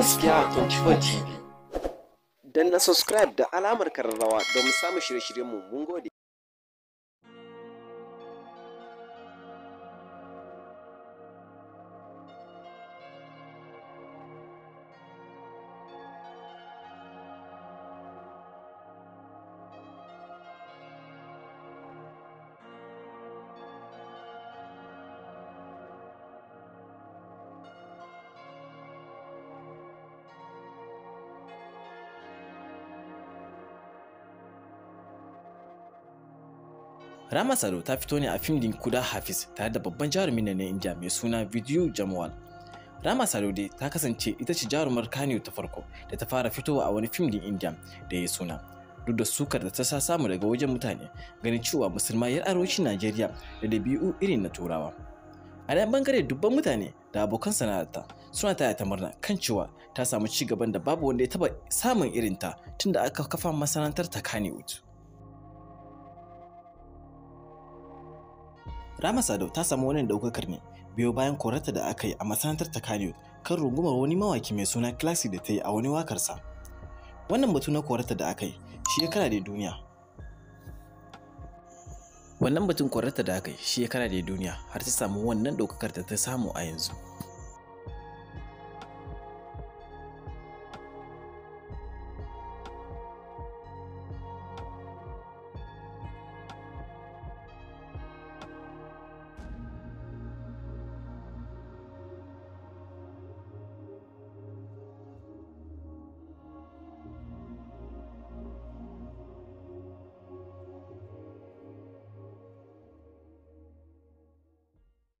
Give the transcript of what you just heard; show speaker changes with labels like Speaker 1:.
Speaker 1: gaskiya 24 TV. Dan na subscribe da alamar kararrawa don samun shirye shiryen mu mun gode. Rama Sado ta fito ne a fim din Kuda Hafiz tare da babban jarumin na India mai suna Vidiyu Jamwal. Rama Sado dai ta kasance ita ce jarumar Kano ta farko da ta fara fitowa a wani fim din India da ya suna duk da sukar da ta sa samu daga wajen mutane ganin cewa musulma yar arewacin Najeriya da dabi'u irin na Turawa. A ɗan bangare dubban mutane da abokan sana'arta suna taya ta murna kan cewa ta samu ci gaban da babu wanda ya taɓa samun irinta tunda aka kafa masana'antar ta Kano. Rama Sadau ta samu wannan daukakar ne biyo bayan korarta da aka yi a masana'antar ta Kano kan rungumar wani mawaki mai suna Classy da ta yi a wani wakarsa. Wannan batu na korarta da aka yi shi ya kara da duniya. Wannan batun korarta da aka yi shi ya kara da duniya har ta samu wannan daukakar da ta samu a yanzu.